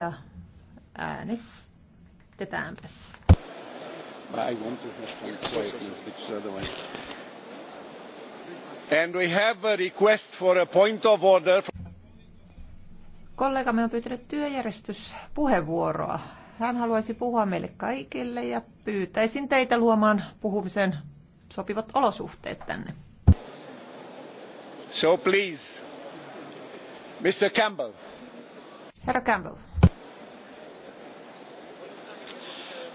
Ja äänestetäänpäs. I want to have some quietness, which otherwise... And we have a request for a point of order. Kollegamme on pyytänyt työjärjestyspuheenvuoroa. Hän haluaisi puhua meille kaikille ja pyytäisin teitä luomaan puhumisen sopivat olosuhteet tänne. So please, Mr. Campbell. Herra Campbell.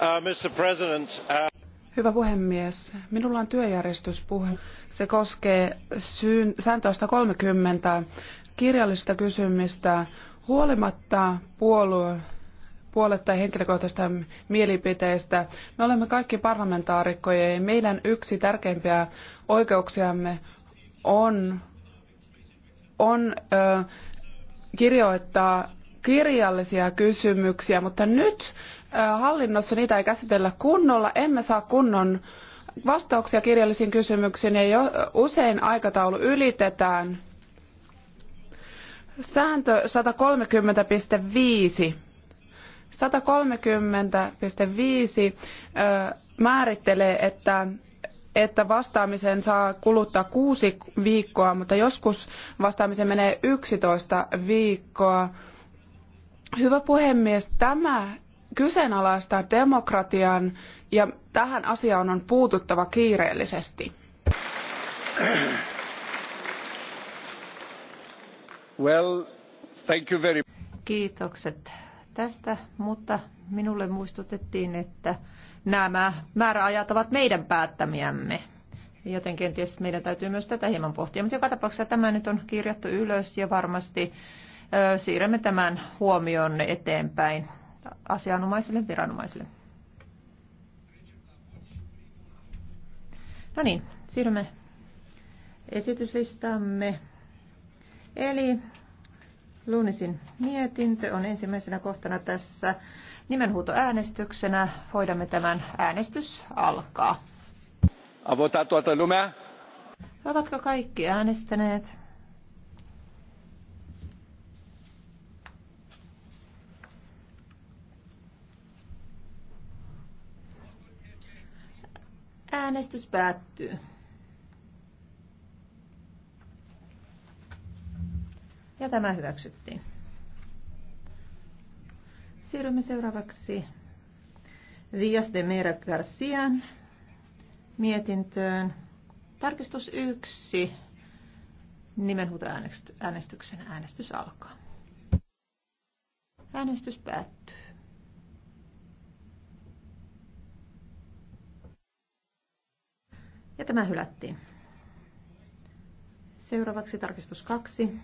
Uh, uh, Hyvä puhemies, minulla on työjärjestyspuhe. Se koskee syyn, sääntöä kirjallista kysymystä huolimatta puolue, puolue tai henkilökohtaisista mielipiteistä. Me olemme kaikki parlamentaarikkoja ja meidän yksi tärkeimpiä oikeuksiamme on, on ö, kirjoittaa kirjallisia kysymyksiä, mutta nyt hallinnossa niitä ei käsitellä kunnolla, emme saa kunnon vastauksia kirjallisiin kysymyksiin ja jo usein aikataulu ylitetään. Sääntö 130.5. 130.5 määrittelee, että että vastaamiseen saa kuluttaa kuusi viikkoa, mutta joskus vastaamiseen menee yksitoista viikkoa. Hyvä puhemies, tämä kyseenalaistaa demokratian ja tähän asiaan on puututtava kiireellisesti. Well, thank you very... Kiitokset tästä, mutta minulle muistutettiin, että nämä määräajat ovat meidän päättämiämme. Joten kenties meidän täytyy myös tätä hieman pohtia, mutta joka tapauksessa tämä nyt on kirjattu ylös ja varmasti siirrämme tämän huomion eteenpäin asianomaisille viranomaisille. No niin, siirrymme esityslistamme. Eli Luunisin mietintö on ensimmäisenä kohtana tässä nimenhuutoäänestyksenä. Hoidamme tämän. Äänestys alkaa. Avotaan tuota lumea? Ovatko kaikki äänestäneet? Äänestys päättyy. Ja tämä hyväksyttiin. Siirrymme seuraavaksi Vias de Mera Garcian mietintöön. Tarkistus 1. Nimenhuutoäänestyksen äänestys alkaa. Äänestys päättyy. Ja tämä hylättiin. Seuraavaksi tarkistus kaksi.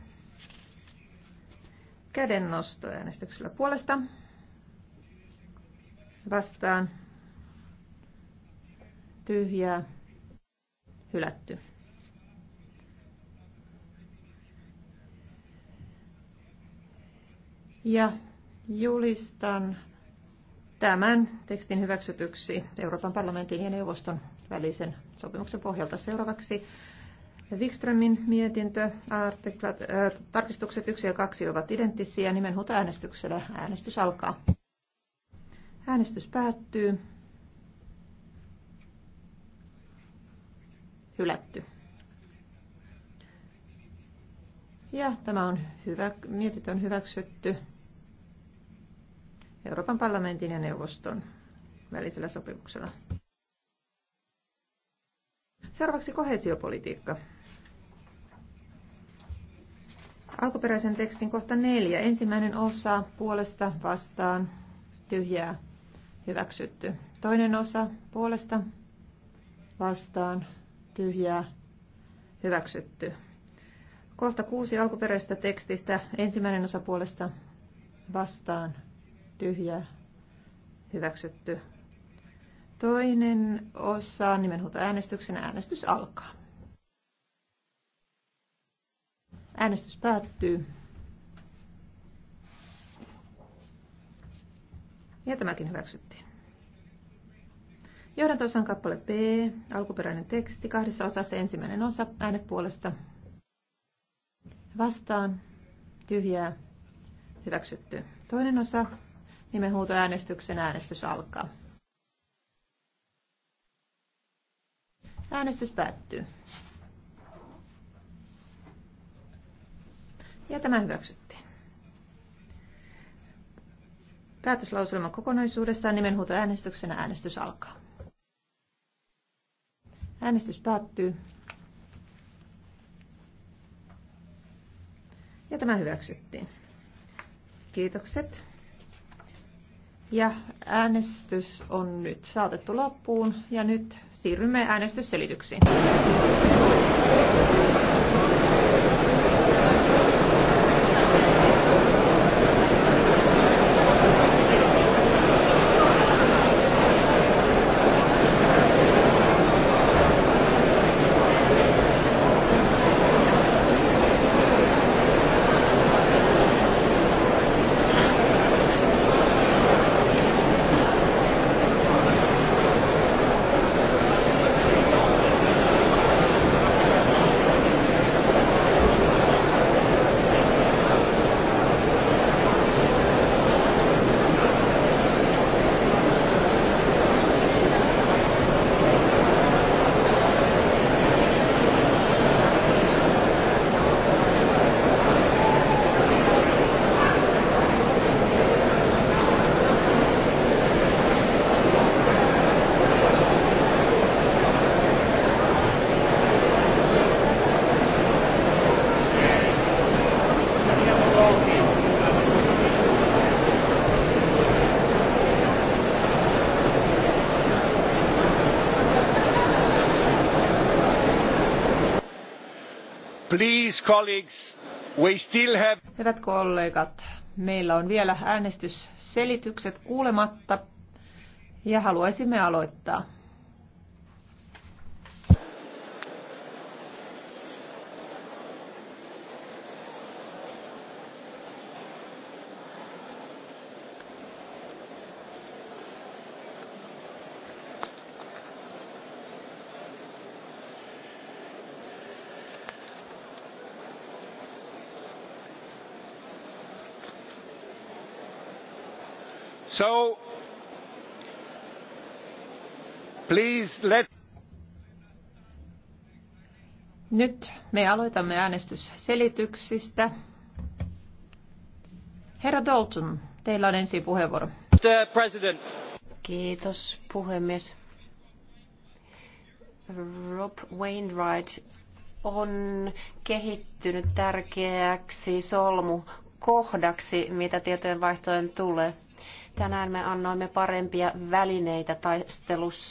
Kädennosto äänestyksellä puolesta. Vastaan. Tyhjää. Hylätty. Ja julistan tämän tekstin hyväksytyksi Euroopan parlamentin ja neuvoston välisen sopimuksen pohjalta. Seuraavaksi Wikströmin mietintö, artiklat, äh, tarkistukset 1 ja 2 ovat identtisiä, nimenhuuta äänestyksellä. Äänestys alkaa. Äänestys päättyy. Hylätty. Ja tämä on hyvä, mietit on hyväksytty. Euroopan parlamentin ja neuvoston välisellä sopimuksella. Seuraavaksi kohesiopolitiikka. Alkuperäisen tekstin kohta neljä. Ensimmäinen osa puolesta vastaan tyhjää hyväksytty. Toinen osa puolesta vastaan tyhjää hyväksytty. Kohta kuusi alkuperäisestä tekstistä. Ensimmäinen osa puolesta vastaan tyhjä hyväksytty. Toinen osa nimenhuuto äänestyksen äänestys alkaa. Äänestys päättyy. Ja tämäkin hyväksyttiin. Johdantosan kappale B, alkuperäinen teksti, kahdessa osassa ensimmäinen osa, äänet puolesta. Vastaan, tyhjää, hyväksytty. Toinen osa Nimenhuutoäänestyksen äänestys alkaa. Äänestys päättyy. Ja tämä hyväksyttiin. Päätöslauselma kokonaisuudessaan nimenhuutoäänestyksenä äänestys alkaa. Äänestys päättyy. Ja tämä hyväksyttiin. Kiitokset. Ja äänestys on nyt saatettu loppuun ja nyt siirrymme äänestysselityksiin. Please, colleagues, we still have... Hyvät kollegat, meillä on vielä äänestysselitykset kuulematta ja haluaisimme aloittaa. So, please let... Nyt me aloitamme äänestysselityksistä. Herra Dalton, teillä on ensin puheenvuoro. Mr. President. Kiitos, puhemies. Rob Wainwright on kehittynyt tärkeäksi solmu kohdaksi, mitä tietojenvaihtojen tulee. Tänään me annoimme parempia välineitä taistelussa